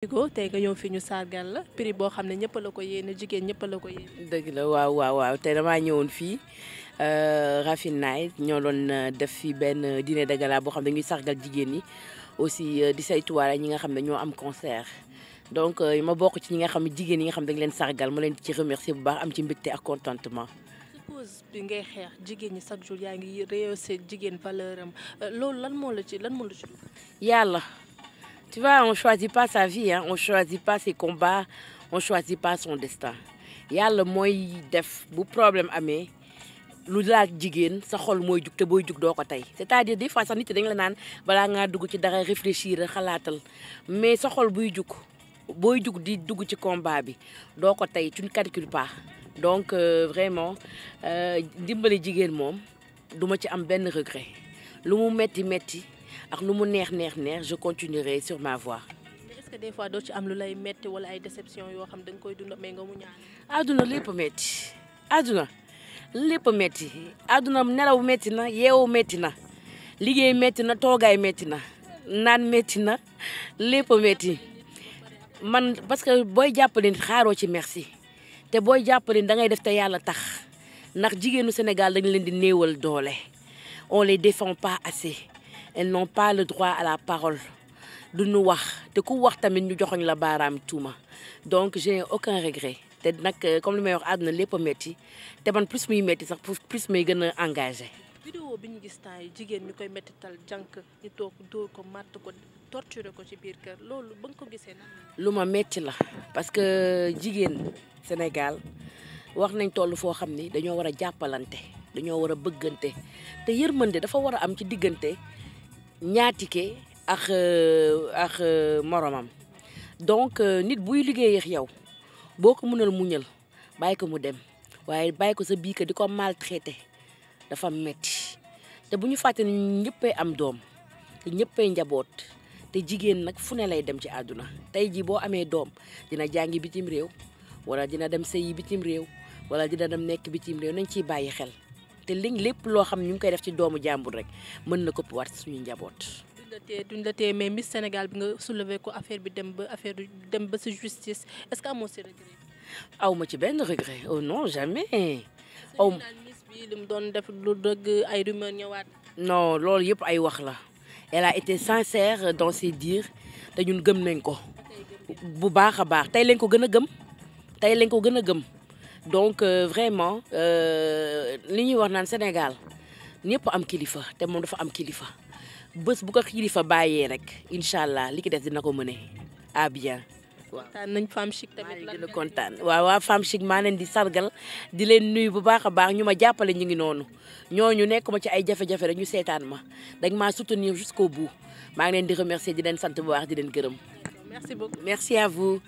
Digo te nga ñëw fi ñu sargal la prix boo xam ne ñëpp la ko yéene jigéen ñëpp la ko yéene. dëgg la waaw waaw waaw tey damaa ñëwoon fii euh, Raffine Night ñoo loon euh, def fi benn euh, dîner de gala boo xam ne ñuy sargal jigéen ñi aussi di saytuwaale ñi nga xam ne ñoo am concert. donc ma bokk ci ñi nga xam jigéen yi nga xam ne dañ leen sargal ma leen ci remercier bu baax am ci mbégte ak contentement. cause bi ngay xeex jigéen ñi chaque jour yaa ngi réussir jigéen valeur am loolu lan moo la ci lan moo la ci. yàlla. Tu vois, on choisit pas sa vie hein on choisit pas ses combats on choisit pas son destin yàlla mooy def bu problème amee lu laaj jigéen sa xol mooy jug te booy jug doo ko tey c'est-à-dire des fois sax nit yi la naan balaa ngaa dugg ci dara réfléchir xalaatal mais sa buy jug booy jug di dugg ci combat bi doo ko tey tu ne calcules pas donc euh, vraiment euh, dimbali jigéen moom duma ci am benn regret lu mu metti metti ak lu mu neex neex neex je continuerai sur ma voie. des fois doo ci am lu lay metti wala ay déception yoo xam da nga koy dund mais nga mu ñaan. àdduna lépp metti àdduna lépp metti àdduna nelaw metti na yeewo metti na liggéey metti na toogaay metti na naan metti na lépp metti man parce que booy jàppale xaaroo ci merci te booy jàppale da ngay def te yàlla tax ndax jigéenu Sénégal dañ leen di néewal doole on les défend pas assez. elles n'ont pas le droit à la parole du nu wax te ku wax tamit ñu joxoñ la baaraam tuuma donc j'ai aucun regret te nag euh, comme lu may wax àdduna lépp a métti te man plus muy métti sax plus may gën a engagé. vidéo bi ñu gis temps yi jigéen ñu koy méttital jànk ñu toog dóor ko màtt ko torturer ko ci biir kër loolu ba nga ko gisee nag. lu ma métti la parce que jigéen Sénégal wax nañ toll foo xam ni dañoo war a jàppalante dañoo war a bëggante te yërmande dafa war a am ci diggante. ñaatike ak euh, ak euh, moromam donc euh, nit buy liggéey yow boo ko mënal muñal bàyyi ko mu dem waaye bàyyi ko sa bii ko di ko maltraité dafa metti te bu ñu fàtte ne ñëppay am doom te ñëppay njaboot te jigéen nag fu ne lay dem ci àdduna tey jii boo amee doom dina jàngi bitim réew wala dina dem sëyi bitim réew wala dina dem nekk bitim réew nañ ci bàyyi xel te liñ lépp loo xam ñu ngi koy def ci doomu jàmbur rek mën na këpp waat suñu njaboot. duñ la la tee mais Miss Sénégal bi nga soulever ko affaire bi dem ba affaire bi dem ba si justice est-ce que amoo si regret. aw ma ci benn regret oh non jamais. aw Miss bi doon def lu dëgg ay rumeur ñëwaat. non loolu yëpp ay wax la elle a été sincère dans ses dires te ñun gëm nañ ko. bu baax a baax tey lañ ko gën a gëm tey lañ ko gën a gëm. donc euh, vraiment euh, li ñuy wax naan Sénégal ñëpp am kilifa te moom dafa am kilifa bës bu ko kilifa bàyyee rek incha allah li ki des dina ko mëne a bien. waaw nañ Femme Chic la kontaan waaw waaw Femme Chic maa leen di sargal di leen nuyu bu baax a baax ñu ma jàppale ñu ngi noonu ñooñu nekk ma ci ay jafe-jafe rek ñu seetaan ma dañ maa soutenir jusqu'au bout maa ngi leen di remercier di leen sant bu baax di leen gërëm. merci à vous